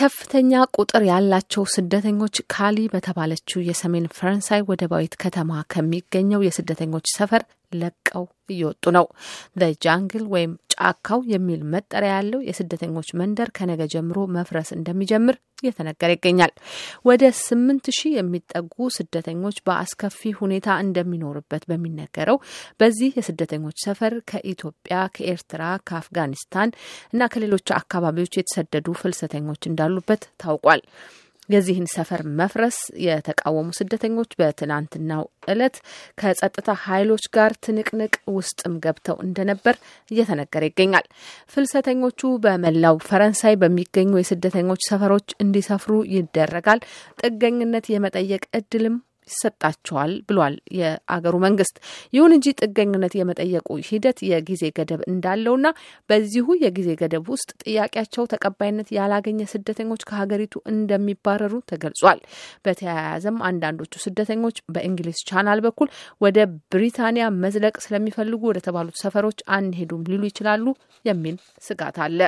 ከፍተኛ ቁጥር ያላቸው ስደተኞች ካሊ በተባለችው የሰሜን ፈረንሳይ ወደባዊት ከተማ ከሚገኘው የስደተኞች ሰፈር ለቀው እየወጡ ነው። ጃንግል ወይም ጫካው የሚል መጠሪያ ያለው የስደተኞች መንደር ከነገ ጀምሮ መፍረስ እንደሚጀምር እየተነገረ ይገኛል። ወደ ስምንት ሺህ የሚጠጉ ስደተኞች በአስከፊ ሁኔታ እንደሚኖርበት በሚነገረው በዚህ የስደተኞች ሰፈር ከኢትዮጵያ፣ ከኤርትራ፣ ከአፍጋኒስታን እና ከሌሎች አካባቢዎች የተሰደዱ ፍልሰተኞች እንዳሉበት ታውቋል። የዚህን ሰፈር መፍረስ የተቃወሙ ስደተኞች በትናንትናው እለት ከጸጥታ ኃይሎች ጋር ትንቅንቅ ውስጥም ገብተው እንደነበር እየተነገረ ይገኛል። ፍልሰተኞቹ በመላው ፈረንሳይ በሚገኙ የስደተኞች ሰፈሮች እንዲሰፍሩ ይደረጋል። ጥገኝነት የመጠየቅ እድልም ይሰጣቸዋል ብሏል የአገሩ መንግስት። ይሁን እንጂ ጥገኝነት የመጠየቁ ሂደት የጊዜ ገደብ እንዳለውና በዚሁ የጊዜ ገደብ ውስጥ ጥያቄያቸው ተቀባይነት ያላገኘ ስደተኞች ከሀገሪቱ እንደሚባረሩ ተገልጿል። በተያያዘም አንዳንዶቹ ስደተኞች በእንግሊዝ ቻናል በኩል ወደ ብሪታንያ መዝለቅ ስለሚፈልጉ ወደ ተባሉት ሰፈሮች አንሄዱም ሊሉ ይችላሉ የሚል ስጋት አለ።